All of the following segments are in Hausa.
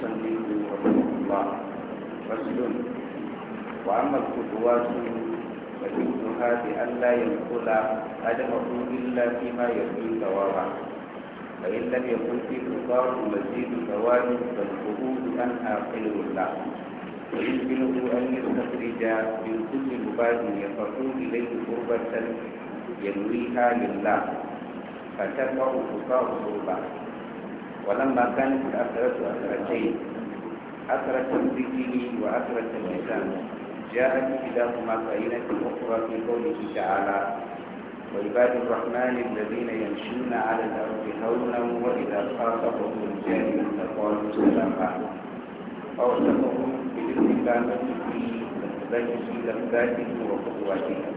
sani da ba fasidun wa amal kuduwa su da duk ha bi Allah ya kula adama hu illa fi ya fi dawaba fa in lam yakun fi qawlu mazid dawani fal qudud an aqilu la wa in bin hu an yastrija bi kulli mubadin ya fatu ilayhi qurbatan yanwi ha lillah fa tarahu qawlu ولما كانت الأسرة أسرتين أسرة بالدين وأسرة الإسلام جاءت كلاهما قرينة أخرى في قوله تعالى وعباد الرحمن الذين يمشون على الأرض هونا وإذا خاطبهم الجاهلون قالوا سلاما أوصفهم بالاستقامة في تزكي لفظاتهم وخطواتهم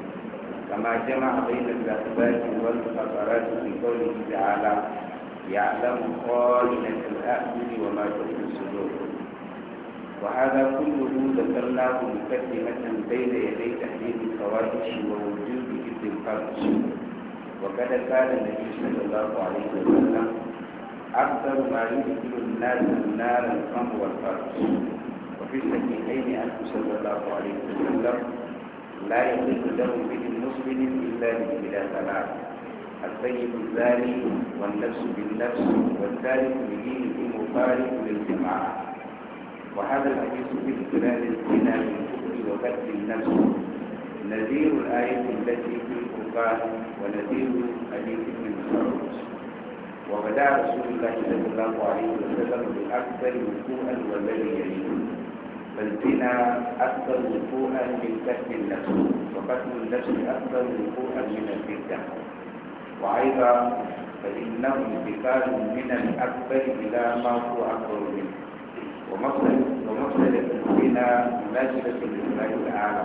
كما جمع بين اللفظات والخطرات في قوله تعالى يعلم خائنة الأعين وما تخفي الصدور وهذا كله ذكرناه مقدمة بين يدي تحليل الفواحش ووجود جد الفرج وكذا قال النبي صلى الله عليه وسلم أكثر ما يدخل الناس النار الخمر والفرس وفي الصحيحين أنه صلى الله عليه وسلم لا يدخل له به المسلم إلا بلا ثلاثة السيد الزاني والنفس بالنفس والثالث بدين المفارق للجماعة وهذا الحديث في اختلال الزنا بالكفر وقتل النفس نذير الآية التي في القرآن ونذير حديث ابن مسعود وبدا رسول الله صلى الله عليه وسلم بأكثر وقوعا والذي يليه فالزنا أكثر وقوعا من قتل النفس وقتل النفس أكثر وقوعا من الفتنة وأيضا فإنه انتقال من الأكبر إلى ما هو أكبر منه ومصدر بنا مناسبة لله تعالى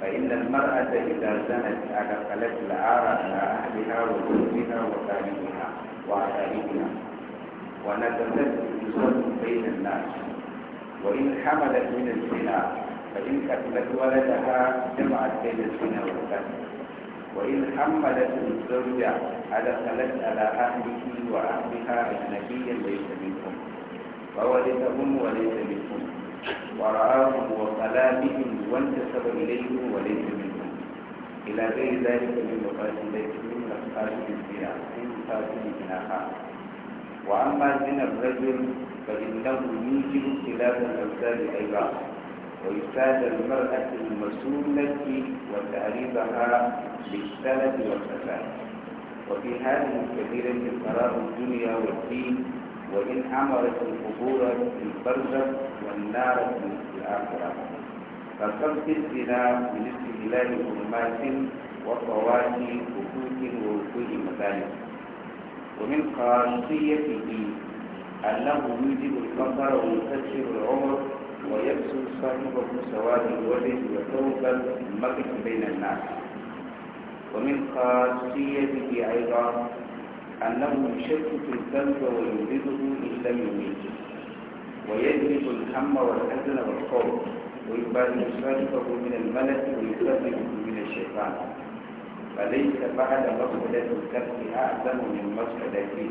فإن المرأة إذا زنت أدخلت العار على أهلها وزوجها وتاريخها وعائلتها ونزلت بصوت بين الناس وإن حملت من الزنا فإن قتلت ولدها جمعت بين الزنا والقتل وإن حملت الزوجة أدخلت على أهله وأهلها أجنبيا ليس منهم فولدهم وليس منهم ورآهم وخلا بهم وانتسب إليهم وليس منهم إلى غير ذلك من مقاتل من مقاتل الزنا من مقاتل جناحا وأما زنا الرجل فإنه يوجب اختلاف الأوزان أيضا وإفساد المرأة المسؤولة وتعريبها بالسند والفساد وفي هذه الكبيرة قرار الدنيا والدين وإن أمرت القبور في البرزخ والنار في الآخرة فصمت الزنا من استهلال ظلمات وفوات حقوق ووقوع مذاهب ومن خاصيته أنه يوجب الفقر ويكسر العمر ويبسل صاحبه سواد الوجه وثوب المكث بين الناس ومن خاصيته أيضا أنه يشتت الذنب ويوجده إن لم يميته ويجلب الهم والحزن والخوف ويبادر صاحبه من الملك ويكذبه من الشيطان فليس بعد مفسدة الكف أعظم من مفسدته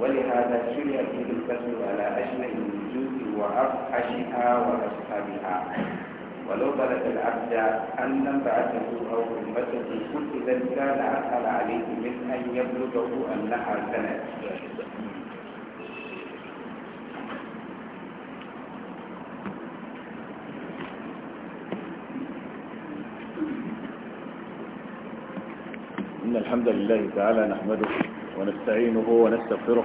ولهذا شرع به الكسر على أشمل الوجود وأفحشها وأصحابها ولو بلغ العبد أن بعثه أو أمته كنت ذلك كان أسهل عليه من أن يبلغه أنها سند إن الحمد لله تعالى نحمده ونستعينه ونستغفره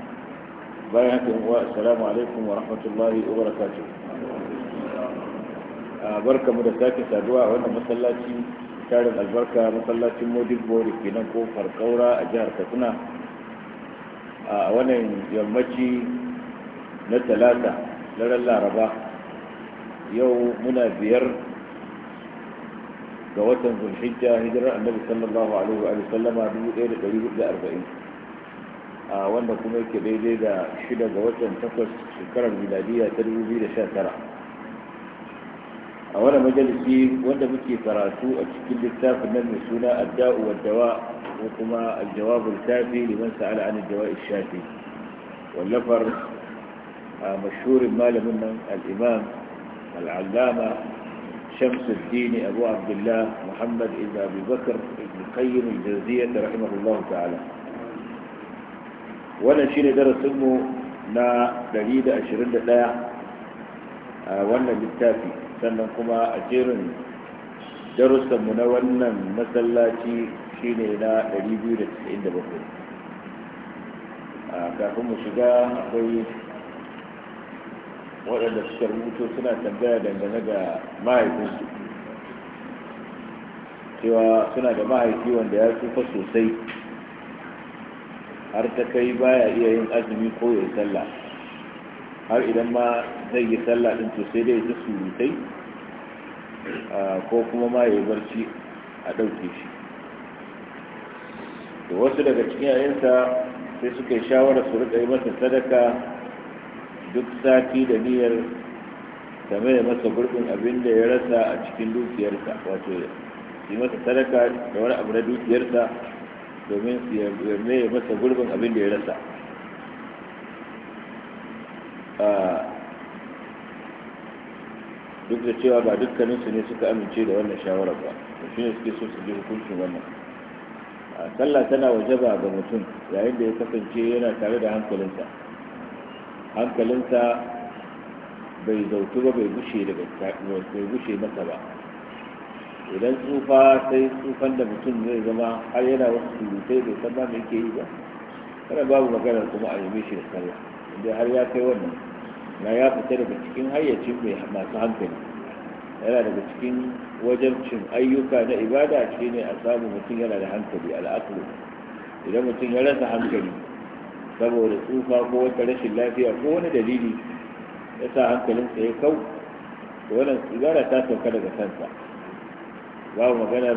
bayan haka uwa assalamu alaikum wa rahmatullahi wa barakatuh barka mu da sake saduwa a wannan masallaci tarin albarka masallacin modibbo da ke nan kofar kaura a jihar katsina a wannan yammaci na talata daren laraba yau muna biyar ga watan zulhijja hijirar annabi sallallahu alaihi wa sallama 1440 wanda kuma yake daidai da shida ga watan takwas shekarar miladiya ta dubu biyu da sha tara a wani majalisi wanda muke karatu a cikin littafin nan mai suna adda'u wa dawa ko kuma aljawabul kafi liman sa'ala an dawa'i shafi wallafar mashhurin malamin nan al'imam al'allama al-allama شمس الدين أبو عبد الله محمد بن أبي بكر بن قيم رحمه الله تعالى wannan shi ne darasinmu na 121 a wannan littafi sannan kuma a jerin darussanmu na wannan masallaci shi ne na 297 kafin mu shiga akwai waɗanda suka rubuto suna tambaya dangane ga mahaifinsu cewa suna da mahaifi wanda ya tsufa sosai har ta kai baya iya yin azumi ko ya sallah har idan ma zai yi sallah din to sai dai ya surutai ko kuma ma ya barci a ɗauke shi to wasu daga cikin yayinsa sai suka yi shawarar su riƙa yi masa sadaka duk sati da niyyar game da masa gurbin abin da ya rasa a cikin dukiyarsa wato yi masa sadaka da wani abu na dukiyarsa domin ya masa gurbin abin da ya rasa duk da cewa ba dukkaninsu ne suka amince da wannan shawarar ba da shi ne suke so su ji hukuncin wannan a sallah tana ba ga mutum yayin da ya kasance yana tare da hankalinsa hankalinsa bai zautu ba bai gushe bai gushe masa ba idan tsufa sai tsufan da mutum zai zama har yana wasu surutai bai san ba mai ke yi ba kada babu maganar kuma a neme shi da sallah inda har ya kai wannan na ya fita daga cikin hayyacin mai masu hankali yana daga cikin wajen cin ayyuka na ibada shi ne a samu mutum yana da hankali al'aqlu idan mutum ya rasa hankali saboda tsufa ko wata rashin lafiya ko wani dalili ya sa hankalinsa ya kau wannan sigara ta sauka daga kansa babu maganar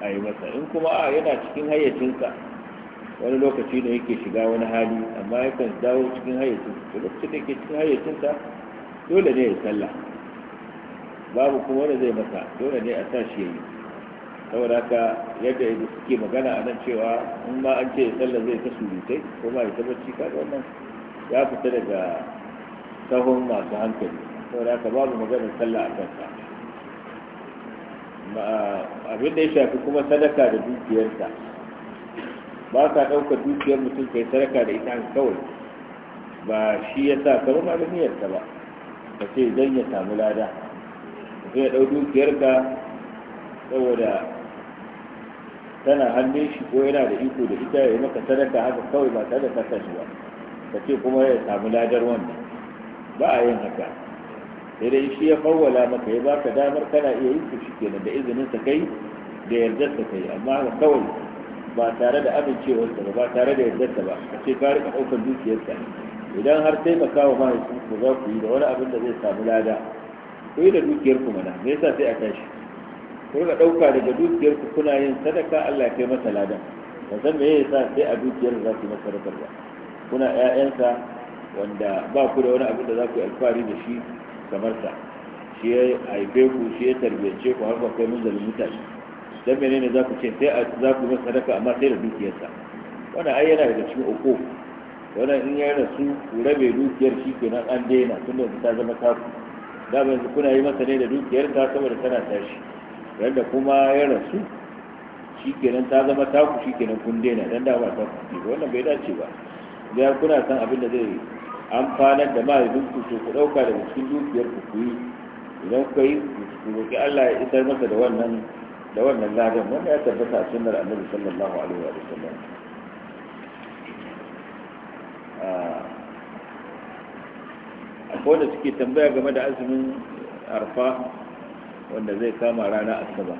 a yi masa in kuma a yana cikin hayyacinsa wani lokaci da yake shiga wani hali amma yakan dawo cikin hayyacinsa to lokacin da yake cikin hayyacinsa dole ne ya sallah babu kuma wanda zai masa dole ne a sa shi yi saboda haka yadda suke magana a nan cewa in ma an ce sallah zai ta surutai ko ma ya ta bacci kaga wannan ya fita daga sahun masu hankali saboda haka babu maganar sallah a kansa abin da ya shafi kuma sadaka da dukiyarsa ba sa ɗauka dukiyar mutum kai sadaka da ita kawai ba shi ya sa karo ma da niyyarsa ba ka ce zan ya samu lada mutum ya ɗau dukiyarka saboda tana hannun shi ko yana da iko da ita ya yi maka sadaka haka kawai ba tare da kasan ka ce kuma ya samu ladar wannan ba a yin haka sai dai shi ya fawwala maka ya baka damar kana iya yin shi kenan da izinin sa kai da yardar sa kai amma kawai ba tare da amincewar sa ba tare da yardar sa ba a ce ka rika daukar dukiyar sa idan har taimaka wa mahaifin ku za ku yi da wani abin da zai samu lada ku yi da dukiyar ku mana me yasa sai a tashi ku rika dauka daga dukiyar ku kuna yin sadaka Allah ya kai masa lada ba san me yasa sai a dukiyar za ku yi masa sadakar ba kuna ƴaƴansa wanda ba ku da wani abin da za ku yi alfahari da shi kamar ta shi ya haife ku shi ya tarbiyyace ku har ku kai munzalin mutane dan menene za ku ce sai za ku masa sadaka amma sai da dukiyarsa wannan ai yana daga cikin uku wannan in ya rasu ku rabe dukiyar shi nan an daina tun da ta zama taku da ba yanzu kuna yi masa ne da dukiyar ta saboda tana tashi yadda kuma ya rasu shi nan ta zama taku shi nan kun daina don da ba ta ku wannan bai dace ba da kuna san abin da zai an fana da mahaifinku to ku ɗauka da cikin dukiyar ku kuyi yi idan ku yi ku roƙi Allah ya isar masa da wannan da wannan ladan wanda ya tabbata a sunnar annabi sallallahu alaihi wa sallam ah, akwai da suke tambaya game da azumin arfa wanda zai kama rana asaba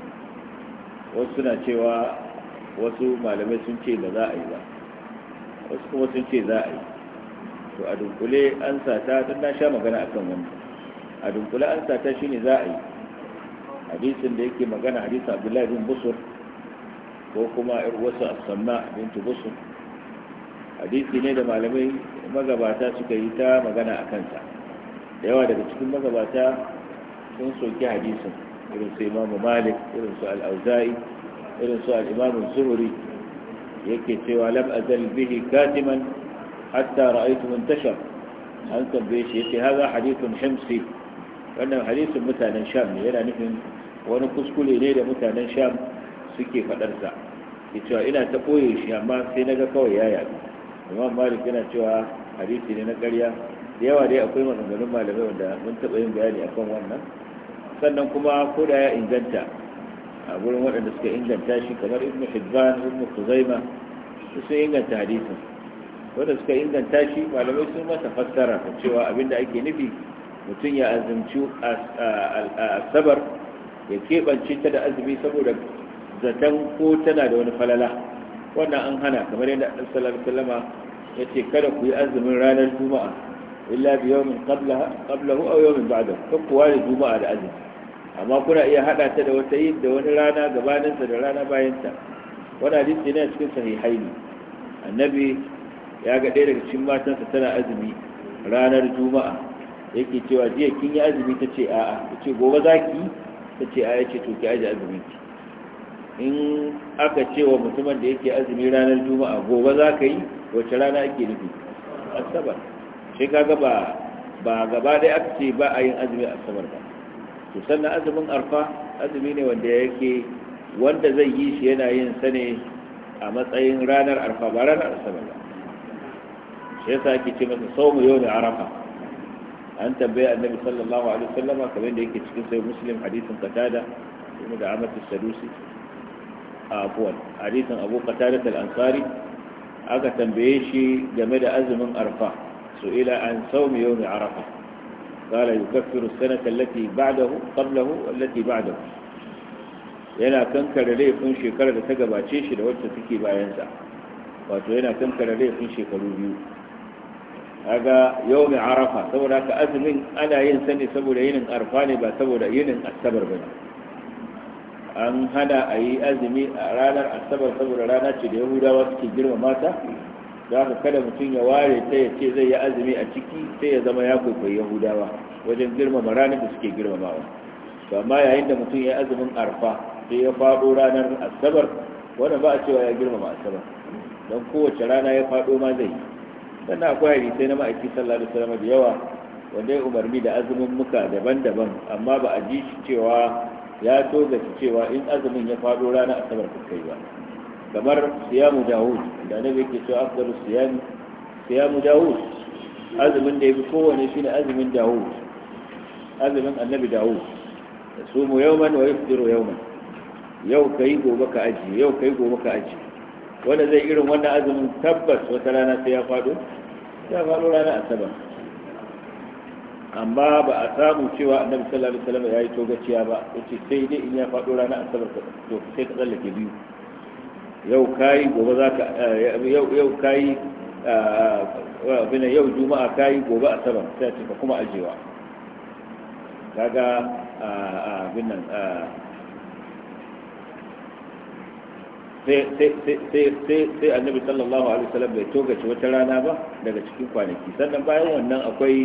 wasu suna cewa wasu malamai sun ce ba za a yi ba wasu kuma sun ce za a yi to a dunkule an sata don na sha magana akan wannan a dunkule an sata shine za a yi hadisin da yake magana hadisin abdullahi bin busur ko kuma yar wasu asamma bintu busur hadisi ne da malamai magabata suka yi ta magana a kansa da yawa daga cikin magabata sun soki hadisin irin su imamu malik irin su al'auza'i irin su al'imamun zuhuri yake cewa lam azal bihi katiman hatta ra'aytu muntashar an tambaye shi yace haza hadithun himsi wannan hadisin mutanen sham ne yana nufin wani kuskure ne da mutanen sham suke fadarsa ke cewa ina ta koye shi amma sai na ga kawai ya yaɗu malik yana cewa hadisi ne na karya da yawa dai akwai maganganun malamai wanda mun taɓa yin bayani akan wannan sannan kuma ko da ya inganta a gurin waɗanda suka inganta shi kamar ibnu hibban ibnu kuzaima su sun inganta hadisin wanda suka inganta shi malamai sun masa fassara da cewa abinda ake nufi mutum ya azumci asabar ya keɓance ta da azumi saboda zaton ko tana da wani falala wannan an hana kamar yadda sallallahu alaihi ya ce kada ku yi azumin ranar juma'a illa bi yawmin qablahu aw yawmin ba'dahu kan kuwa da juma'a da azumi amma kuna iya hada ta da wata yin da wani rana gabanin sa da rana bayan ta wani hadisi ne a cikin sahihaini annabi ya ga ɗaya daga cikin matansa tana azumi ranar juma'a yake cewa jiya kin yi azumi ta ce a'a ta ce gobe za ki ta ce a'a ce to ki aji azumin ki in aka ce wa mutumin da yake azumi ranar juma'a gobe za ka yi wace rana ake nufi asabar shi ga ba ba gaba ɗaya aka ce ba a yin azumi asabar ba to sannan azumin arfa azumi ne wanda yake wanda zai yi shi yana yin sa ne a matsayin ranar arfa ba ranar asabar ba ya sa ake ce masa sau mu yau da arafa an tambaye annabi sallallahu alaihi wasallama kamar da yake cikin sai muslim hadisin qatada ibnu da amatu sadusi afwan hadisin abu qatada al-ansari aka tambaye shi game da azumin arfa su su'ila an saumi yau da arafa قال يكفر السنة التي بعده قبله والتي بعده yana kankare laifin shekarar da ta gabace shi da wacce take bayansa wato yana kankare laifin shekaru biyu kaga yau mai arafa saboda ka azumin ana yin sani saboda yinin arfa ne ba saboda yinin asabar ba an hana a yi azumi a ranar asabar saboda rana ce da yahudawa suke girma mata za ka kada mutum ya ware ta ya ce zai yi azumi a ciki sai ya zama ya kwaikwayi yahudawa wajen girmama ranar da suke girmamawa to amma yayin da mutum ya azumin arfa sai ya faɗo ranar asabar wannan ba a cewa ya girmama asabar don kowace rana ya faɗo ma zai yi sannan akwai hadisai na ma'aiki sallallahu alaihi wasallam da yawa wanda ya umarni da azumin muka daban-daban amma ba a ji shi cewa ya shi cewa in azumin ya faɗo rana a sabar kai ba kamar siyamu dawud da nabi yake cewa afdalu siyam siyamu dawud azumin da yafi kowane ne azumin dawud azumin annabi dawud yasumu yawman wa yafdiru wa yau kai gobe ka ajiye yau kai gobe ka aji wanda zai irin wannan azumin tabbas wata rana sai ya faɗo ya faɗo rana asabar amma ba a samu cewa annabi sallallahu alaihi wasallam ya yi togaciya ba yace sai dai in ya faɗo rana asabar ka to sai ka tsallake biyu yau kayi gobe za ka eh, yau yau kayi eh, abin yau juma'a kayi gobe asabar sai ka kuma ajewa kaga eh, abin nan sai annabi sallallahu alaihi wasallam bai togace wata rana ba daga cikin kwanaki sannan bayan wannan akwai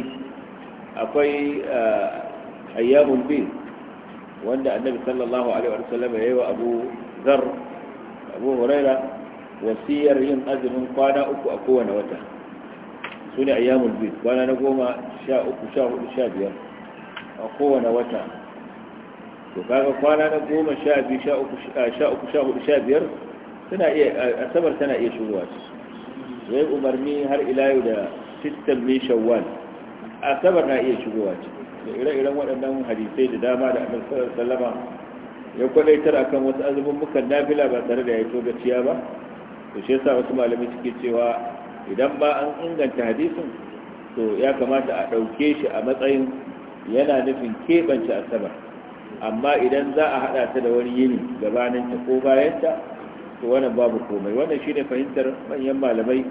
akwai ah, ayyamul bil wanda annabi sallallahu alaihi wasallam yayi wa Abu Zar Abu Huraira wasiyar yin azumin kwana uku a kowane wata sune ayyamun bi kwana na goma sha uku sha hudu sha biyar a kowane wata to kaga kwana na goma sha biyu sha uku sha hudu sha biyar asabar tana iya shuruwa ce zai umarni har ila yau da sittan min shawwal asabar na iya shuruwa ce da ire-iren waɗannan hadisai da dama da annabi sallallahu salama ya kwadaitar akan wasu azumin mukan nafila ba tare da ya to gaciya ba to shi yasa wasu malamai suke cewa idan ba an inganta hadisin to ya kamata a ɗauke shi a matsayin yana nufin keɓance asabar amma idan za a haɗa ta da wani yini gabaninta ko bayanta to wannan babu komai wannan shine fahimtar manyan malamai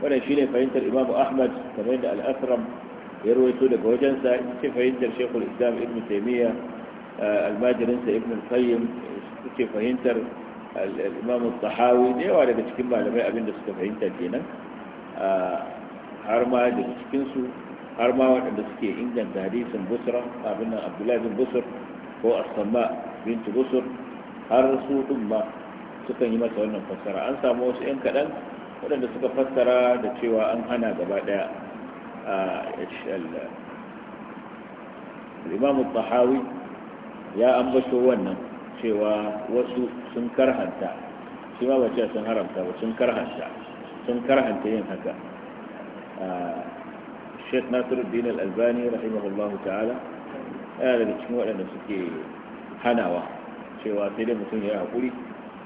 wannan shine fahimtar Imam Ahmad kamar da Al-Asram ya rawaito daga wajensa ita fahimtar shekul Islam Ibn Taymiyyah eh, almajirinsa Ibn Al-Qayyim ita fahimtar Imam Al-Tahawi da yawa daga cikin malamai abinda suka fahimta kenan har ma daga cikin su har ma waɗanda suke inganta hadisin busra abin nan abdullahi bin busur ko asama bintu busur har su duma. ma sukan yi masa wannan fassara an samu wasu 'yan kaɗan waɗanda suka fassara da cewa an hana gaba ɗaya a imamu tahawi ya ambato wannan cewa wasu sun karhanta shi ma ba cewa sun haramta ba sun karhanta sun karhanta yin haka sheikh Nasiru al-albani rahimahullahu ta'ala yana daga cikin waɗanda suke hanawa cewa sai dai mutum ya haƙuri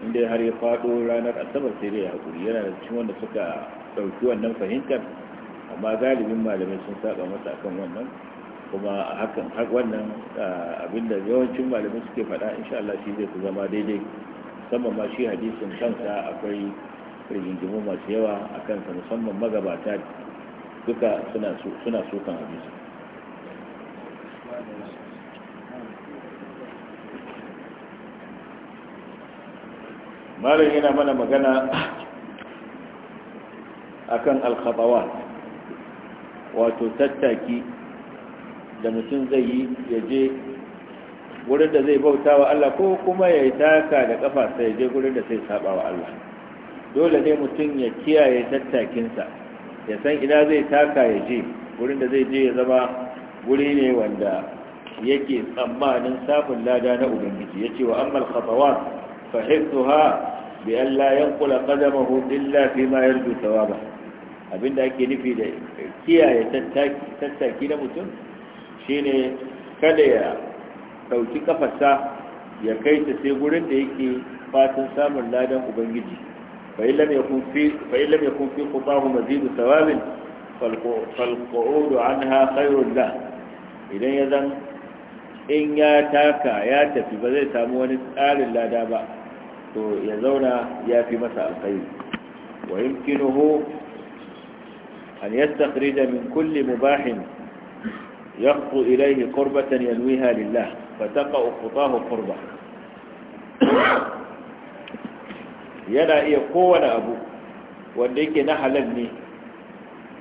inda har ya faɗo ranar asabar sai dai hakuri yana da cikin wanda suka ɗauki wannan fahimtar amma galibin malamai sun saba masa akan wannan kuma a hakan wannan abinda yawancin malamai suke faɗa insha Allah shi zai zama daidai musamman ma shi hadisin kansa akwai rigingimu masu yawa a kansa musamman magabata duka suna sukan hadisi malam yana mana magana akan alkhabawa wato tattaki da mutum zai yi ya je wurin da zai bauta wa Allah ko kuma ya yi taka da kafa sai ya je wurin da sai saba wa Allah dole ne mutum ya kiyaye tattakinsa ya san ina zai taka ya je wurin da zai je ya zama wuri ne wanda yake tsammanin samun lada na ubangiji ya ce wa ammal khatawat فحفظها بأن لا ينقل قدمه إلا فيما يرجو ثوابه abin da ake nufi da kiyaye tattaki na mutum shine kada ya ɗauki kafarsa ya kai ta sai gurin da yake fatan samun ladan ubangiji fa'in lam ya kunfi kubahu mazidu sawabin falko'udu an khairun la idan ya zan in ya taka ya tafi ba zai samu wani tsarin lada ba to ya zauna ya fi masa alkhairi wa yumkinuhu an yastakhrija min kulli mubahin يخطو إليه قربة ينويها لله فتقع خطاه qurba yana iya kowane abu wanda yake na halal ne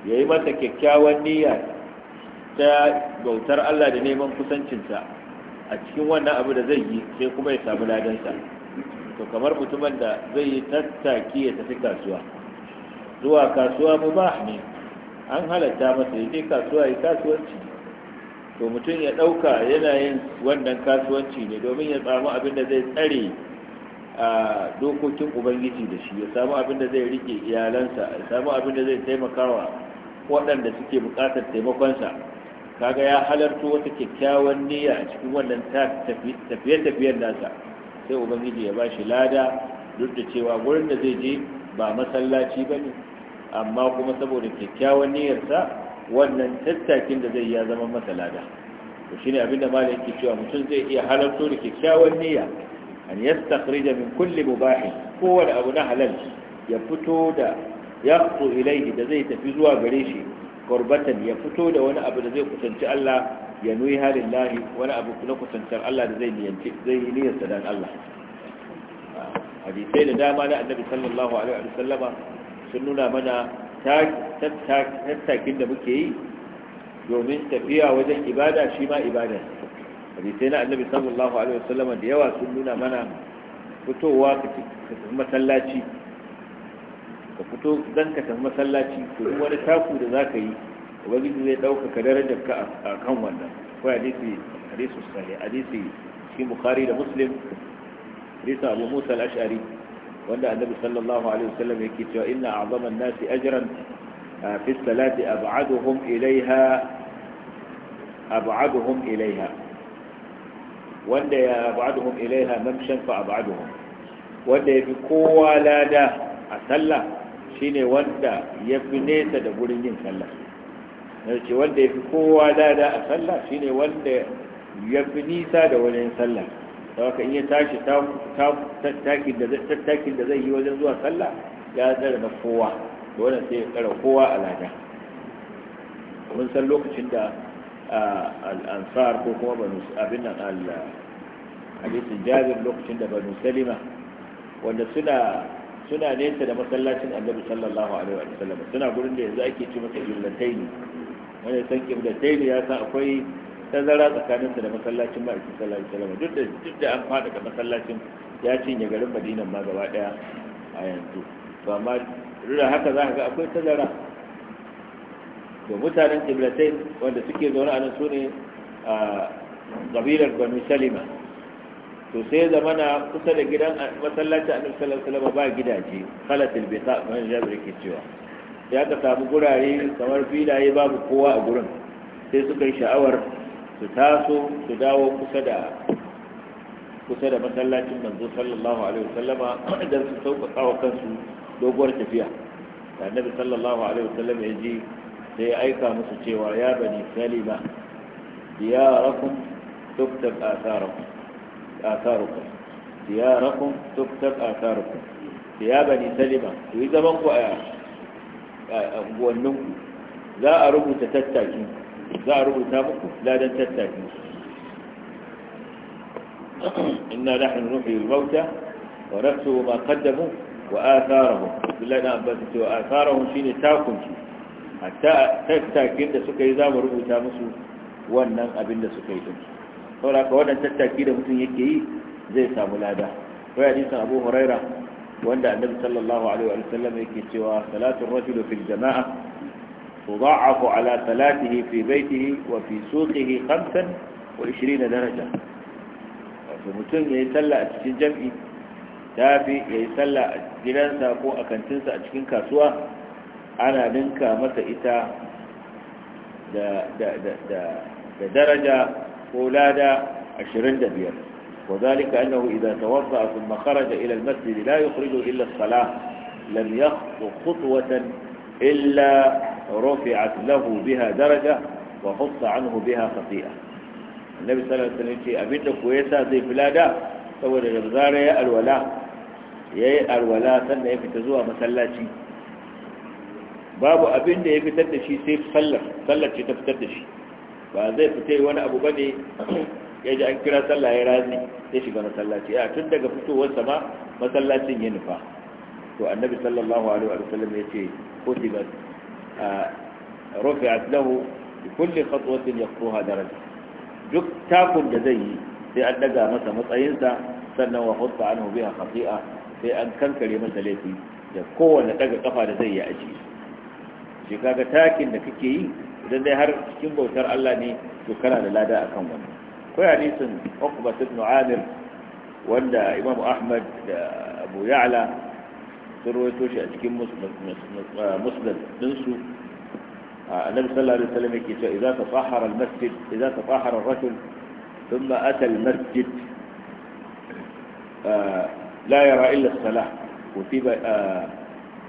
ya yi mata kyakkyawan niyya ta bautar Allah da neman kusancinsa a cikin wannan abu da zai yi sai kuma ya samu ladansa to kamar mutumin da zai yi tattaki ya tafi kasuwa zuwa kasuwa mu ba ne an halatta masa ya je kasuwa ya kasuwanci to mutum ya ɗauka yana yin wannan kasuwanci ne domin ya samu abin da zai tsare a dokokin ubangiji da shi ya samu abin da zai rike iyalansa ya samu abin da zai taimakawa waɗanda suke buƙatar taimakonsa kaga ya halarta wata kyakkyawan niyya a cikin wannan tafiye-tafiyen nasa sai ubangiji ya bashi lada duk da cewa gurin da zai je ba masallaci ba ne amma kuma saboda kyakkyawan niyyarsa wannan tattakin da zai ya zama masa lada to shine abinda malam yake cewa mutum zai iya halarto da kyakkyawan niyya an yastakhrija min kulli mubah kowane abu na halal ya fito da yaqtu ilayhi da zai tafi zuwa gare shi qurbatan ya fito da wani abu da zai kusanci Allah ya nuyi halin lahi wani abu na kusantar Allah da zai niyyar zai yi Allah hadisai da dama na annabi sallallahu alaihi wa sallama sun nuna mana tattakin da muke yi domin tafiya wajen ibada shi ma ibada hadisai na annabi sallallahu alaihi wa sallama da yawa sun nuna mana fitowa ka tafi masallaci ka fito don ka tafi masallaci to wani taku da za ka yi ubangiji zai ɗaukaka darajar ka a kan wannan ko hadisi hadisi sahih hadisi cikin bukhari da muslim hadisi abu musa al-ash'ari wanda annabi sallallahu alaihi wasallam yake cewa inna a'zama an-nasi ajran fi as-salati ab'aduhum ilayha ab'aduhum ilayha wanda ya ab'aduhum ilayha mamshan fa ab'aduhum wanda yafi kowa lada a sallah shine wanda yafi nesa da gurin yin sallah ce wanda ya fi kowa da a sallah shine wanda ya fi nisa da wajen sallah da haka in ya tashi tattakin da zai yi wajen zuwa sallah ya tsara na kowa da wannan sai ya tsara kowa a lada mun san lokacin da al'ansar ko kuma banu abin nan al-hadisin jabir lokacin da banu salima wanda suna suna nesa da masallacin annabi sallallahu alaihi wa sallam suna gurin da yanzu ake ci masa jullatai ne wani san kibla taimi ya san akwai tazara tsakaninsa da masallacin ma'aikin sallallahu alaihi wasallam duk da duk da an fada da masallacin ya cinye garin madinan ma gaba daya a yanzu to amma rura haka za ka ga akwai tazara to mutanen kiblatain wanda suke zaune a nan su ne a kabilar banu salima to sai zama na kusa da gidan masallacin annabi sallallahu alaihi wasallam ba gidaje khalatil bita man jabir ke cewa ya ka samu gurare kamar filaye babu kowa a gurin sai suka yi sha'awar su taso su dawo kusa da kusa masallacin manzo sallallahu alaihi wasallama don su sauƙaƙa wa kansu doguwar tafiya da annabi sallallahu alaihi wasallam ya ji sai ya aika musu cewa ya bani salima diyarakum tuktab atharakum atharakum diyarakum tuktab ya bani salima ku yi zaman ku a unguwanninku za a rubuta tattaki za a rubuta muku ladan tattaki inna nahnu nuhyi mauta wa naktubu ma qaddamu wa atharahum billahi da abbas to atharahum shine takunci hatta tattakin da suka yi za mu rubuta musu wannan abin da suka yi din saboda ka wannan tattaki da mutum yake yi zai samu lada wai hadisin Abu Hurairah wanda annabi sallallahu alaihi wa sallam yake cewa salatu rajul fil jama'a تضاعف على صلاته في بيته وفي سوقه خمسا وعشرين درجة mutum ya yi sallah a cikin jam'i ta fi ya yi sallah a gidansa ko a kantinsa a cikin kasuwa ana ninka masa ita da daraja ko lada ashirin da biyar وذلك أنه إذا توضأ ثم خرج إلى المسجد لا يخرج إلا الصلاة لم يخطو خطوة إلا رفعت له بها درجة وحط عنه بها خطيئة النبي صلى الله عليه وسلم يقول أبنك ويسا زي فلادا سوى لغزارة يا الولاء يا الولاء سنة يفتزوها مسلاتي babu abin da ya fitar da shi sai sallar sallar ce ta fitar da shi ya ji an kira sallah ya razi ya shiga masallaci a tun daga fitowar sama masallacin ya nufa to annabi sallallahu alaihi wa sallam ya ce kutibat rufi'at lahu bi kulli khatwatin yaqtuha daraja duk takun da zai yi sai an daga masa matsayinsa sannan wa hutta anhu biha khati'a sai an kankare masa laifi da kowane daga kafa da zai yi a ciki shi kaga takin da kake yi idan dai har cikin bautar Allah ne to kana da lada akan wani akwai hadisin عقبة بن عامر wanda Imam أحمد أبو يعلى Ya'la sun مسلم shi النبي صلى الله عليه وسلم إذا تطهر المسجد إذا تطهر الرجل ثم أتى المسجد لا يرى إلا الصلاة كتب,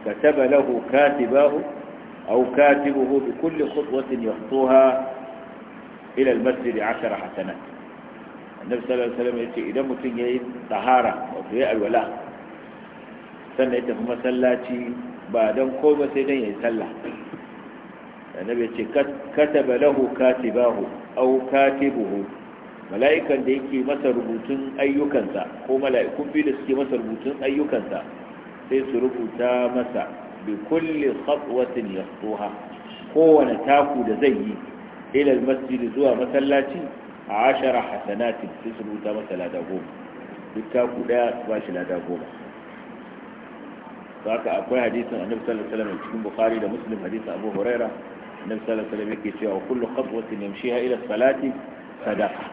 كتب له كاتباه أو كاتبه بكل خطوة يخطوها إلى المسجد عشر حسنات annabi sallallahu alaihi wasallam yace idan mutum yayi tahara wato yayi alwala sannan ya tafi masallaci ba dan komai sai dan yayi sallah annabi yace kataba lahu katibahu aw katibuhu mala'ikan da yake masa rubutun ayyukansa ko mala'ikun biyu da suke masa rubutun ayyukansa sai su rubuta masa bi kulli khatwatin yasuha kowane taku da zai yi ila masjid zuwa masallaci a ashara hasanatin sai su rubuta masa lada goma duk taku daya ba shi lada goma haka akwai hadisin annabi sallallahu alaihi wasallam cikin bukhari da muslim hadisin abu huraira annabi sallallahu alaihi wasallam yake cewa kullu khatwatin yamshiha ila salati sadaqa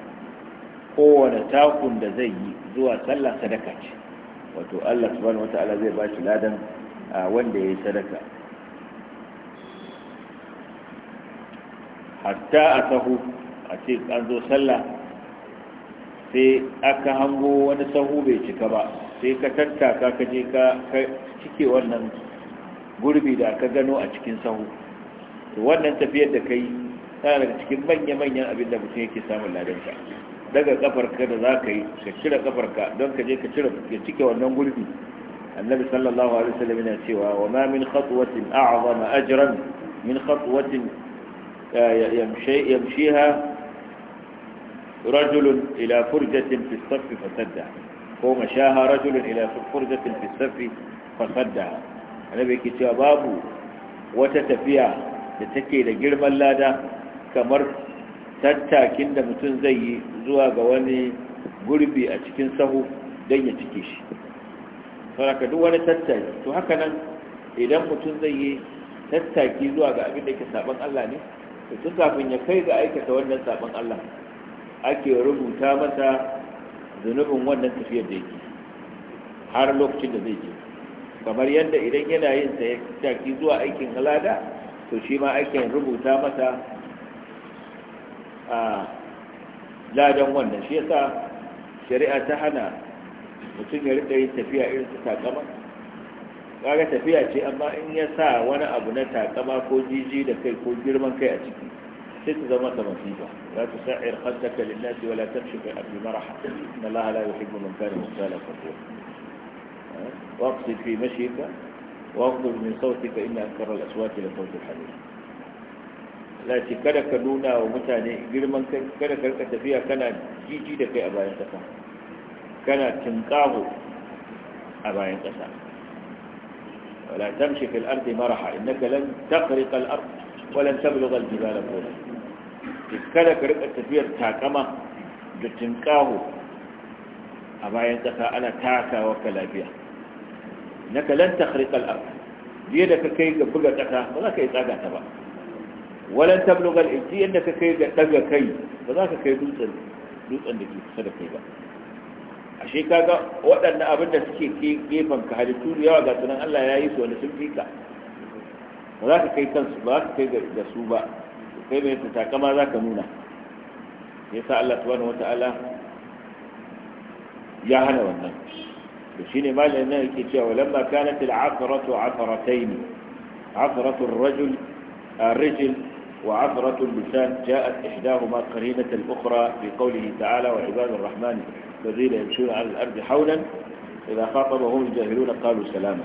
kowane takun da zai yi zuwa sallah sadaka ce wato Allah subhanahu wataala zai ba shi ladan wanda ya yi sadaka hatta a sahu a ce an zo sallah sai aka hango wani sahu bai cika ba sai ka tattaka ka je ka cike wannan gurbi da ka gano a cikin sahu to wannan tafiyar da kai tana daga cikin manya-manyan abin da mutum yake samun ladanta daga kafarka da za ka yi ka cire kafarka don ka je ka cire ka cike wannan gurbi annabi sallallahu alaihi wasallam yana cewa wa ma min khatwatin a'zama ajran min khatwatin eh, yamshi yamshiha رجل إلى فرجة في الصف فسدها ko mashaha rajulun إلى فرجة في الصف fasadda annabi yake babu wata tafiya da take da girman lada kamar tattakin da mutum zai yi zuwa ga wani gurbi a cikin sahu don ya cike shi tattaki idan mutum zai yi tattaki zuwa ga abin da yake saban Allah ne to tun kafin ya kai ga aikata wannan sabon Allah ake rubuta masa zunubin wannan tafiyar da yake har lokacin da zai je kamar yadda idan yana yin sa ya zuwa aikin halada to shi ma ake rubuta masa a ladan wannan shi yasa shari'a ta hana mutum ya rika yin tafiya irin su takama kaga tafiya ce amma in ya sa wani abu na takama ko jiji da kai ko girman kai a ciki ست تزمة مصيبة لا تسعر خدك للناس ولا تمشي في الأرض مرحا إن الله لا يحب من كان مختالا أه؟ فخورا واقصد في مشيك واغضب من صوتك إن أكثر الأصوات لصوت الحديث لا تكرك نونا ومتاني جرمان كرك تفيها كان جي لك أبا تفا كان تنقاه أبا تفا ولا تمشي في الأرض مرحا إنك لن تخرق الأرض walan tablugha al-jibala qawla kada ka rika tafiyar takama da tinkaho a bayan kasa ana takawa ka lafiya Na lan takhriqa al-ard biye da ka kai ga buga kasa ba za ka yi tsaga ta ba walan tablugha al-ibti yanda ka kai ga ɗaga kai ba za ka kai dutsen da ke kusa da kai ba ashe kaga waɗanda abin da suke gefen ka halittu yawa ga sunan Allah ya yi su wani sun fika ba za ka kai kansu ba za ka kai da su ba kai mai takama za ka nuna ya sa Allah subhanahu wata'ala ya hana wannan to shine malamin nan yake cewa lamma kanat al-afratu afratayn afratu ar-rajul ar-rijl وعفرة اللسان جاءت إحداهما قرينة الأخرى في قوله تعالى وعباد الرحمن الذين يمشون على الأرض حولا إذا خاطبهم الجاهلون قالوا سلاما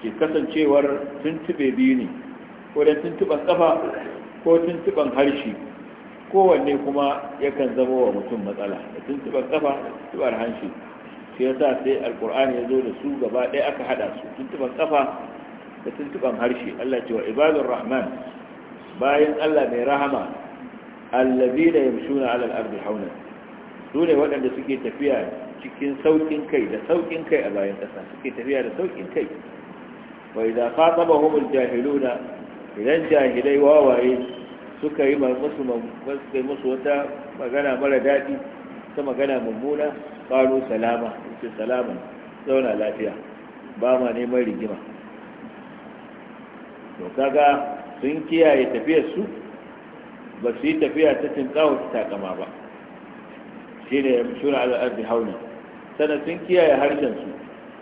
ke kasancewar tuntube biyu ne ko da tuntuban kafa ko tuntuban harshe kowanne kuma yakan zama wa mutum matsala da tuntuban kafa da tuntubar harshe shi yasa sai alkur'ani ya zo da su gaba ɗaya aka haɗa su tuntuban kafa da tuntuban harshe Allah ce wa ibadur rahman bayan Allah mai rahama allazi da yamshuna ala al-ardi hauna su ne waɗanda suke tafiya cikin sauƙin kai da sauƙin kai a bayan ƙasa suke tafiya da sauƙin kai wai da fataba humul jahiluna idan jahilai wawaye suka yi musu wata magana mara daɗi ta magana mummuna ƙaro salama ce salama zauna lafiya ba ma neman rigima to kaga sun kiyaye tafiyar su ba su yi tafiya ta tinkawa ta takama ba shi ne ya mishura al'arzi hauna sun kiyaye harshen su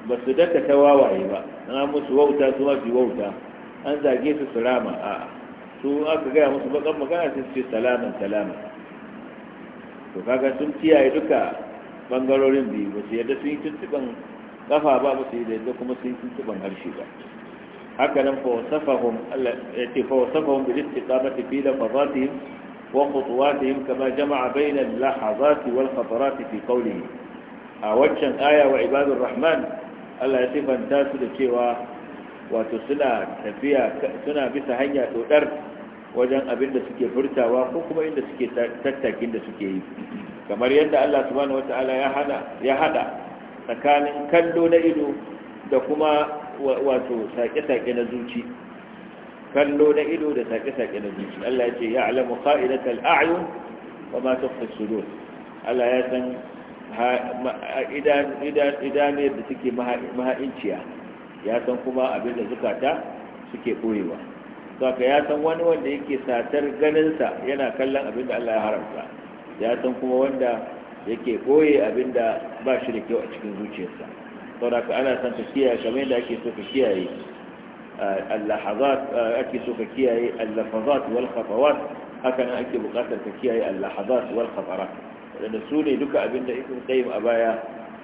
ba su daka ta wawaye ba na musu wauta su ma wauta an zage su salama a su aka gaya musu bakan magana sai su ce salaman salaman to kaga sun kiyaye duka bangarorin biyu ba su yadda sun yi tuntuɓen kafa ba ba su yadda kuma sun yi tuntuɓen harshe ba haka nan fawasafahum Allah ya ce fawasafahum bi istiqamati fi lafazatihim wa khutuwatihim kama jama'a bayna al-lahazati wal khatarati fi qawlihi a waccan aya wa ibadur rahman Allah ya sifanta su da cewa wato suna tafiya suna bisa hanya dodar wajen abin da suke furtawa ko kuma inda suke tattakin da suke yi kamar yadda Allah subhanahu wataala ya hada ya hada tsakanin kallo na ido da kuma wato sake-sake na zuci kallo na ido da sake-sake na zuci Allah ya ce ya alamu qa'ilatal a'yun wa ma tukhfi sudur Allah ya san idaniyar da suke maha'inciya ya san kuma abin da zukata suke ɓoyewa saka ya san wani wanda yake satar ganinsa yana kallon abin da Allah ya haramta ya san kuma wanda yake ɓoye abin da ba shi da kyau a cikin zuciyarsa saboda ana san ka kiyaye kamar yadda ake so ka kiyaye اللحظات أكي سوف كياي ake buƙatar ka kiyaye بقاتل كياي wal والخطرات da su ne duka abinda ibn qayyim a baya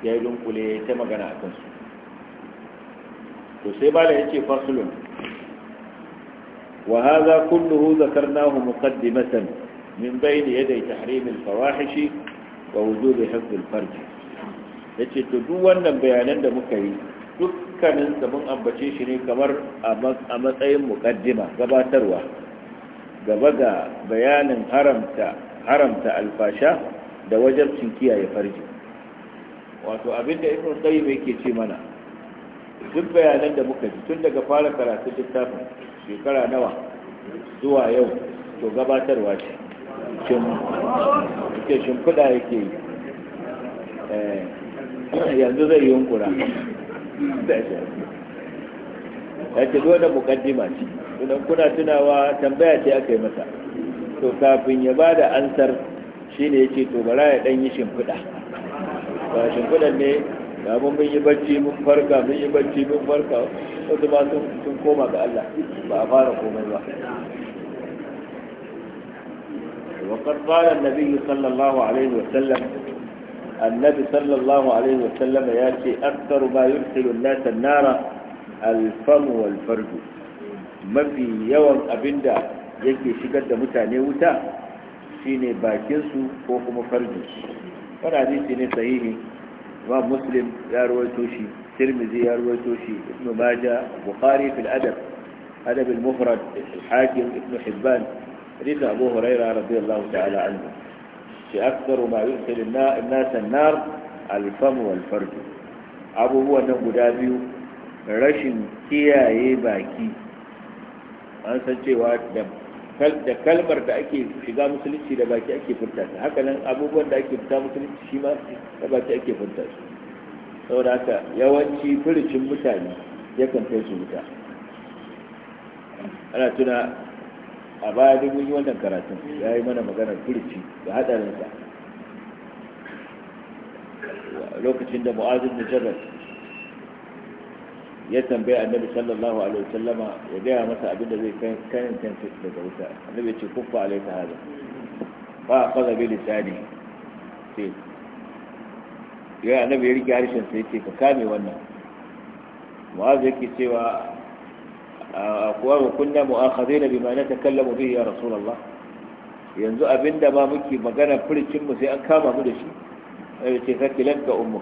ya yi dunkule ta magana a kansu to sai bala yace faslun wa hadha kulluhu dhakarnahu muqaddimatan min bayni yaday tahrim al wa wujub hifz al yace to duk wannan bayanan da muka yi dukkanin mun ambace shi ne kamar a matsayin muqaddima gabatarwa gaba ga bayanin haramta haramta alfasha da wajabcin kiyaye farji wato abinda ibn qayyim yake ce mana duk bayanan da muka ji tun daga fara karatu littafin shekara nawa zuwa yau to gabatarwa ce ke kuda yake yi eh, yanzu zai yunkura ya ce dole mukaddima ce idan kuna tunawa tambaya ce aka yi masa to kafin ya ba da ansar shine yace to bara ya dan yi shimfiɗa ba shimfiɗan ne ga mun yi bacci mun farka mun yi bacci mun farka wasu ba sun koma ga Allah ba a fara komai ba وقد قال النبي صلى الله عليه وسلم النبي صلى الله عليه وسلم ياتي أكثر ما يدخل الناس النار الفم والفرج ما في يوم أبندا yake shigar da mutane wuta shine bakinsu ko kuma farjinsu wani hadisi ne sahihi ma muslim ya ruwaito shi tirmizi ya ruwaito shi ibn maja bukhari fil adab adab al mufrad al hakim ibn hibban hadith abu huraira radiyallahu ta'ala anhu shi akthar ma yusil an-nas an-nar al fam wal farj abubuwan nan guda biyu rashin kiyaye baki an san cewa da da kalmar da ake shiga musulunci da baki ake furta ta haka nan abubuwan da ake fita musulunci shi ma da baki ake furta su saboda haka yawanci furucin mutane kan kai su wuta ana tuna a baya duk mun yi wannan karatun ya yi mana maganar furuci da haɗarinsa lokacin da mu'azin da jabal ya tambaya annabi sallallahu alaihi wasallama ya gaya masa abin da zai kan kan su daga wuta annabi ya ce kuffa alaika hada ba a kaza bi lisani ce ya annabi ya rike harshen sai ce ka kame wannan mu'az yake cewa ah, kuwa wa kunna mu'akhadhina bima natakallamu bihi ya rasulullah yanzu abinda ba muke magana furcin mu sai an kama mu da shi sai ce sakilanka ummu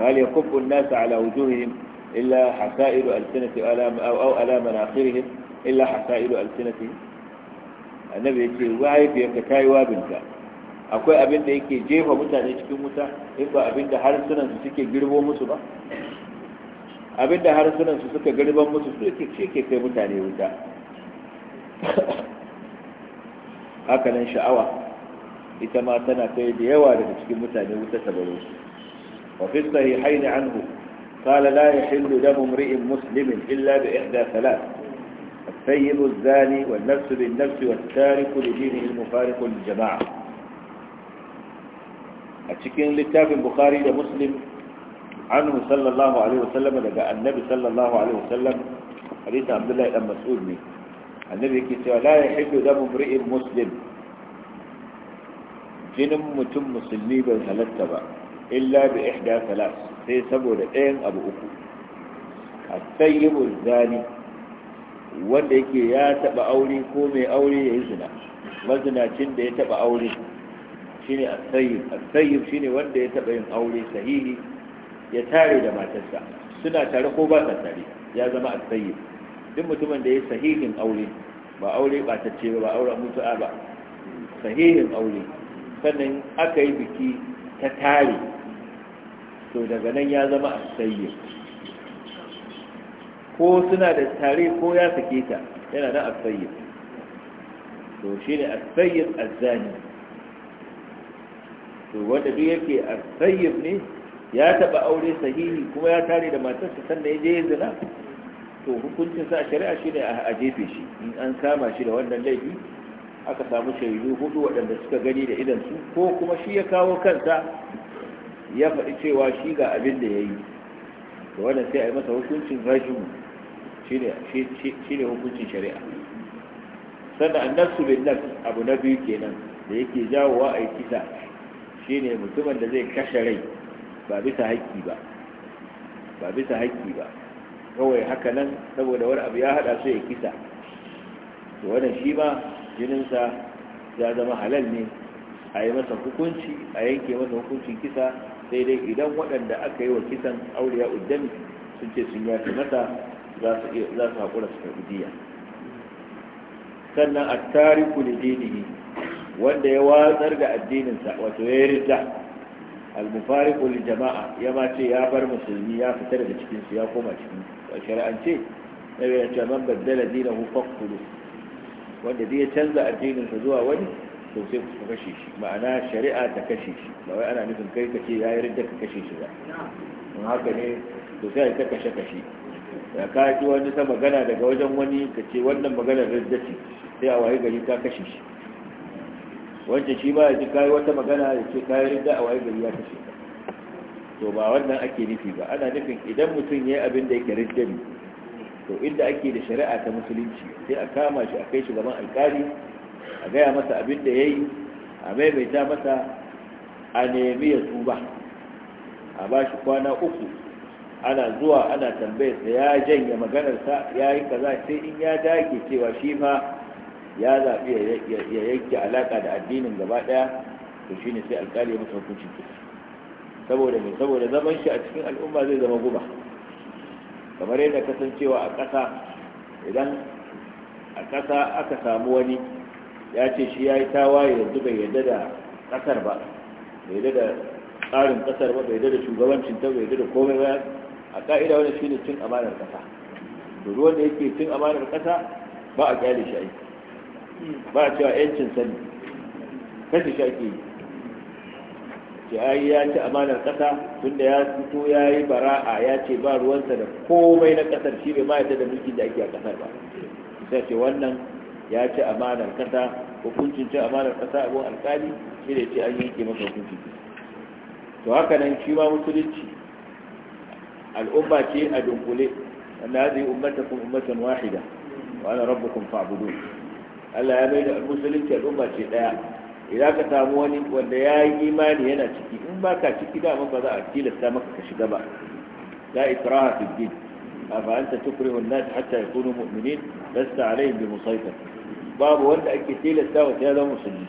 qala yakubbu an nasa ala wujuhihim إلا حسائل ألسنة ألام أو ألا مناخرهم إلا حسائل ألسنة annabi ya ce mahaifiyarka ta yi wabinta akwai abin da yake jefa mutane cikin wuta in ba abin da harsunansu suke girbo musu ba abin da harsunansu suka girban musu suke ce ke kai mutane wuta hakanan sha'awa ita ma tana kai da yawa daga cikin mutane wuta ta baro su wa fi sahihaini anhu قال لا يحل دم امرئ مسلم إلا بإحدى ثلاث الثيب الزاني والنفس بالنفس والتارك لدينه المفارق للجماعة أتكين للتاب البخاري لمسلم عنه صلى الله عليه وسلم لقى النبي صلى الله عليه وسلم حديث عبد الله لما مسعود النبي كتب لا يحل دم امرئ مسلم جنم متم مسلمي بالهلتبة illa bi ihda salas sai saboda ɗayan abu uku at-tayyibu zani wanda yake ya taba aure ko mai aure yayi zina mazinacin da ya taba aure shine at-tayyib at-tayyib shine wanda ya taba yin aure sahihi ya tare da matarsa suna tare ko ba tare ya zama at-tayyib duk mutumin da ya sahihin aure ba aure ba ta ce ba auren mutu'a ba sahihin aure sannan aka yi biki ta tare to daga nan ya zama a ko suna da tare ko ya sake ta yana da a to shi ne a sayye to wanda duk yake a ne ya taba aure sahihi kuma ya tare da matarsa sannan ya je zina to hukuncin sa shari'a shi ne a jefe shi in an kama shi da wannan laifi aka samu shaidu hudu waɗanda suka gani da su? ko kuma shi ya kawo kansa ya faɗi cewa shi ga abin da ya yi da wadda sai a yi masa hukuncin rajimu shi ne hukuncin shari'a sannan annasu bin nan abu na biyu kenan da yake wa a yi kisa shi ne mutumin da zai kashe rai ba bisa haƙƙi ba ba bisa haƙƙi ba kawai haka nan saboda wani abu ya haɗa su ya kisa to wannan shi ma jininsa ya zama halal ne a yi masa hukunci a yanke masa hukuncin kisa sai dai idan waɗanda aka yi wa kisan ya uddan sun ce sun yafi mata za su haƙura su karɓi diya sannan a tariku da dinihi wanda ya watsar da addininsa wato ya yi al-mufariqu jama'a ya ma ce ya bar musulmi ya fita daga cikin su ya koma cikin shari'ance nabi ya ce man baddala dinahu faqtulu wanda zai canza addininsa zuwa wani to sai ku kashe shi ma'ana shari'a ta kashe shi ba wai ana nufin kai kace ya yi ridda ka kashe shi ba don haka ne to sai ta kashe kashe da ka ji wani ta magana daga wajen wani ka ce wannan magana ridda ce sai a waye gari ka kashe shi wancan shi ba ya ji kayi wata magana ya ce kayi ridda a waye gari ya kashe ka to ba wannan ake nufi ba ana nufin idan mutum ya yi abin da yake ridda ne to inda ake da shari'a ta musulunci sai a kama shi a kai shi gaban alkali a gaya masa abin da ya yi a maimaita masa a nemi ya tuba a ba shi kwana uku ana zuwa ana tambayarsa ya janye maganarsa ya yi kaza sai in ya dage cewa shi ma ya zaɓi ya yanke alaƙa da addinin gaba ɗaya to shi ne sai alƙali ya mutu hukuncin saboda mai saboda zaman shi a cikin al'umma zai zama guba kamar yadda kasancewa a ƙasa idan a ƙasa aka samu wani ya ce shi ya yi tawaye yanzu bai yadda da ƙasar ba bai yadda da tsarin ƙasar ba bai yadda da shugabancin ta bai yadda da komai ba a ka'ida wani shi ne cin amanar ƙasa ruwan wanda yake cin amanar ƙasa ba a gyale shi aiki ba a cewa yancin sani kashe shi ake yi ce yi ya ci amanar ƙasa da ya fito ya yi bara'a ya ce ba ruwansa da komai na ƙasar shi bai ma yadda da mulkin da ake a ƙasar ba sai ce wannan ya ci amanar kasa hukuncin ci amanar kasa abun alkali shi ne ce an yanke masa hukunci to haka nan shi ma musulunci al'umma ce a dunkule wanda hadhihi ummatakum ummatan wahida wa ana rabu rabbukum fa'budun Allah ya mai da musulunci al'umma ce daya idan ka samu wani wanda ya yi imani yana ciki in ba ka ciki dama ba za a tilasta maka ka shiga ba la ikraha fi din أفأنت تكره الناس حتى يكونوا مؤمنين لست عليهم بمسيطر babu wanda ake tilasta wa ya zama musulmi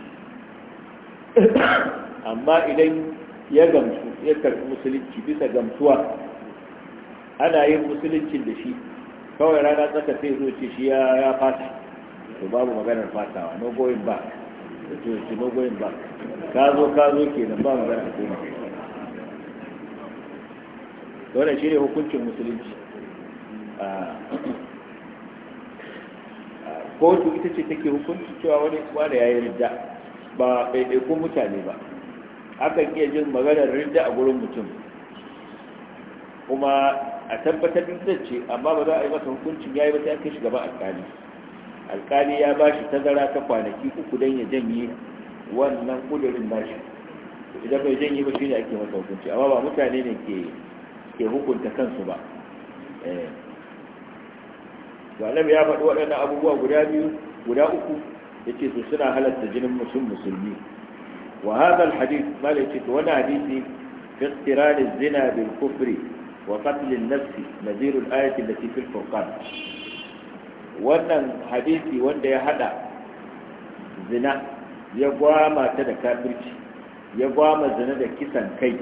amma idan ya gamsu ya karɓi musulunci bisa gamsuwa ana yin musuluncin da shi kawai rana tsaka sai zo ce shi ya fata to babu maganar fatawa no going back da to shi no going back ka zo ka zo nan ba maganar koma wannan ne hukuncin musulunci ah. kotu ita ce take hukunci cewa wani wani ya yi ridda ba ɗaiɗaikun mutane ba akan iya jin maganar ridda a gurin mutum kuma a tabbatar da ce amma ba za a yi masa hukuncin ya yi ba sai aka shiga ba alƙali alƙali ya ba shi tazara ta kwanaki uku don ya janye wannan ƙudurin shi idan bai janye ba shi ne ake masa hukunci amma ba mutane ne ke hukunta kansu ba to annabi ya faɗi waɗannan abubuwa guda biyu guda uku yace su suna halatta jinin musul musulmi wa hadha al hadith malaki to wannan hadisi fi iqtirar zina bil kufri wa qatl an-nafs nazir al-ayat allati fi al-furqan wannan hadisi wanda ya hada zina ya gwama ta da kafirci ya gwama zina da kisan kai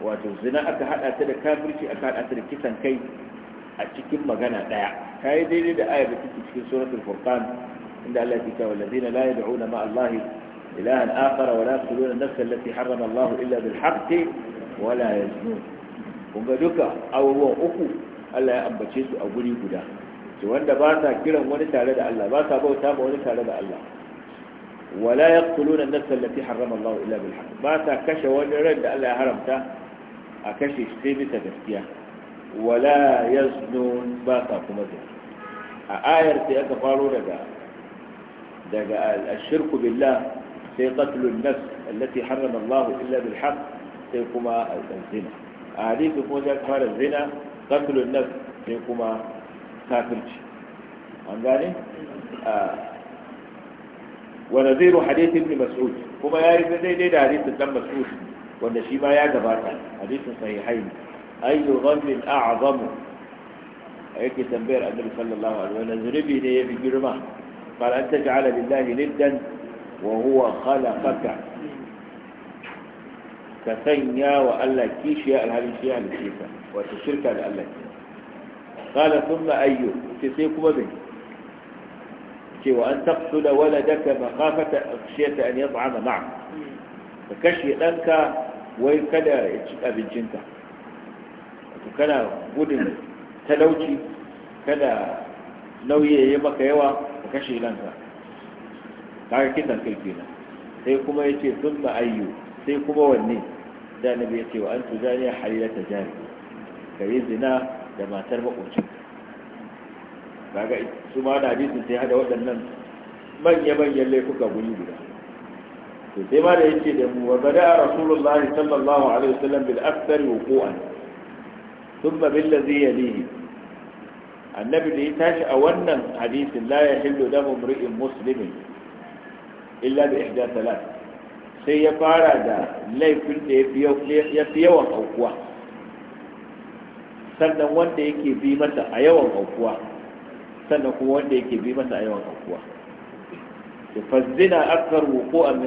wato zina aka hada ta da kafirci aka hada ta da kisan kai a cikin magana daya kai daidai da ayar da take cikin suratul furqan inda Allah ya ce wallazina la yad'una ma Allah ilahan akhar wa la yaqtuluna an-nafsa allati harrama Allah illa bil haqqi wa la yaznun kun ga duka abubuwan uku Allah ya ambace su a guri guda to wanda ba sa kiran wani tare da Allah ba sa bauta ba wani tare da Allah wala yaqtuluna an-nafsa allati harrama Allah illa bil haqq ba sa kashe wani ran da Allah ya haramta a kashe shi sai bisa gaskiya ولا يزنون باتا كمدر آية أتفارو لك لك الشرك بالله في قتل النفس التي حرم الله إلا بالحق فيكما الزنا آية كمدر أتفار الزنا قتل النفس فيكما كافرش أنداني ونظير حديث ابن مسعود كما يعرف ذي ذي حديث ابن مسعود والنشيما يا جبارة حديث صحيحين ayyu dhanbin a'zamu yake tambayar annabi sallallahu alaihi wasallam zunubi ne yafi girma qal an taj'ala lillahi niddan wa huwa khalaqaka ka sanya wa Allah kishiya alhali ya halice ka wato shirka da Allah ke qala thumma sai kuma me cewa an taqtula ka kashe danka wai kada ya ci abincinta. kana gudun talauci kada nauyi ya maka yawa ka kashe ranka kaga kisan kai kenan sai kuma ya ce sun ba ayyu sai kuma wanne da annabi ya ce wa an tuzaniya halilata jari ka yi zina da matar makwabcin kaga su ma da hadisin sai hada waɗannan manya-manyan laifuka guri guda to sai ma da ya ce da mu wa bada rasulullahi sallallahu alaihi wasallam bil aktsari wuqu'an thumma billazi yalihi annabi da ya tashi a wannan hadisin la yahillu lahu imri'in muslimin illa bi ihda thalath sai ya fara da laifin da ya fi yawan aukuwa sannan wanda yake bi masa a yawan aukuwa sannan kuma wanda yake bi masa a yawan aukuwa fazzina akthar wuqu'an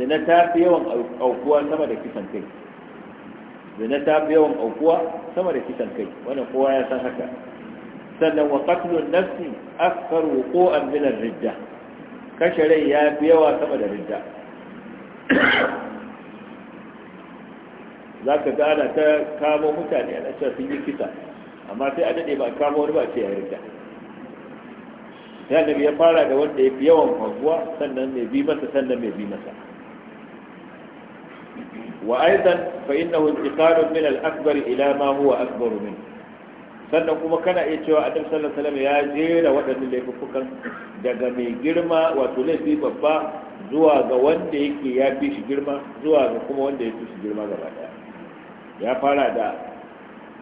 min ta fi yawan aukuwa sama da kisan kai zina ta fi yawan aukuwa sama da kisan kai wani kowa ya san haka sannan wa qatlun nafsi askar wuqu'an min ridda kashe rai ya fi yawa sama da ridda za ga ana ta kamo mutane a cewa sun yi kisa amma sai a dade ba kamo wani ba ce ya ridda ya nabi ya fara da wanda ya fi yawan faguwa sannan mai bi masa sannan mai bi masa وأيضا فإنه انتقال من الأكبر إلى ما هو أكبر منه sannan kuma kana iya cewa annabi sallallahu alaihi ya jera waɗannan laifukan daga mai girma wato laifi babba zuwa ga wanda yake ya fi shi girma zuwa ga kuma wanda ya fi shi girma gaba ɗaya ya fara da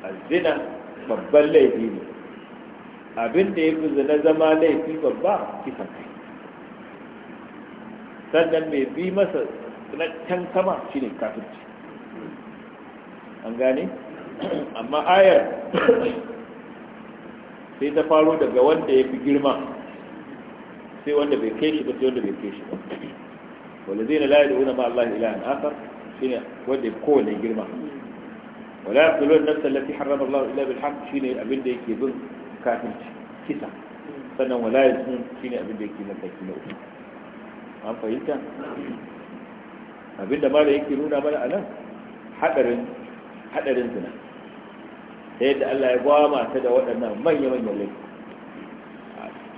azina babban laifi ne abin da ya fi zina zama laifi babba kisan kai sannan mai bi masa na can sama shine kafirci an gane amma ayar sai ta faro daga wanda ya fi girma sai wanda bai kai shi ba sai wanda bai kai shi ba wanda zai na laye da wuna ma'allah ilayen akar shi ne wanda ya kowane girma wala ya fi lon nasa lafi haramar Allah ila bil haq shi ne abinda yake bin kafirci kisa sannan wala ya sun shi ne abinda yake mataki na uku an fahimta abinda da yake nuna mana a nan haɗarin zina ta yadda Allah ya gwama ta da waɗannan manya-manyan laifi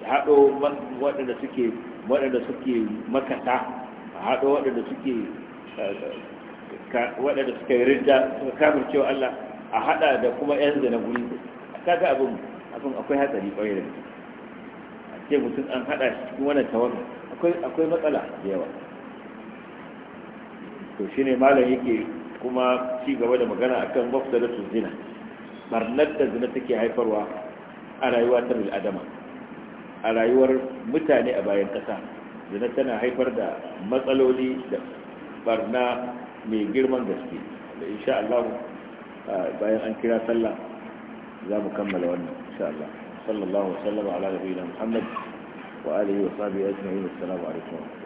haɗo waɗanda suke waɗanda suke makasa a haɗo waɗanda suke eh, waɗanda suke rinda suka kamar cewa Allah a haɗa da kuma 'yan zina guri kaga abin abin akwai hatsari ƙwarai da a ce mutum an haɗa shi cikin wannan tawaga akwai matsala da yawa to shi ne malam yake kuma ci gaba da magana akan mafsadatu zina barnar da zina take haifarwa a rayuwa ta bil adama a rayuwar mutane a bayan ƙasa, zina tana haifar da matsaloli da barna mai girman gaske da insha Allah bayan an kira sallah za mu kammala wannan insha Allah sallallahu alaihi wa sallam ala nabiyina Muhammad wa alihi wa sahbihi ajma'in assalamu alaikum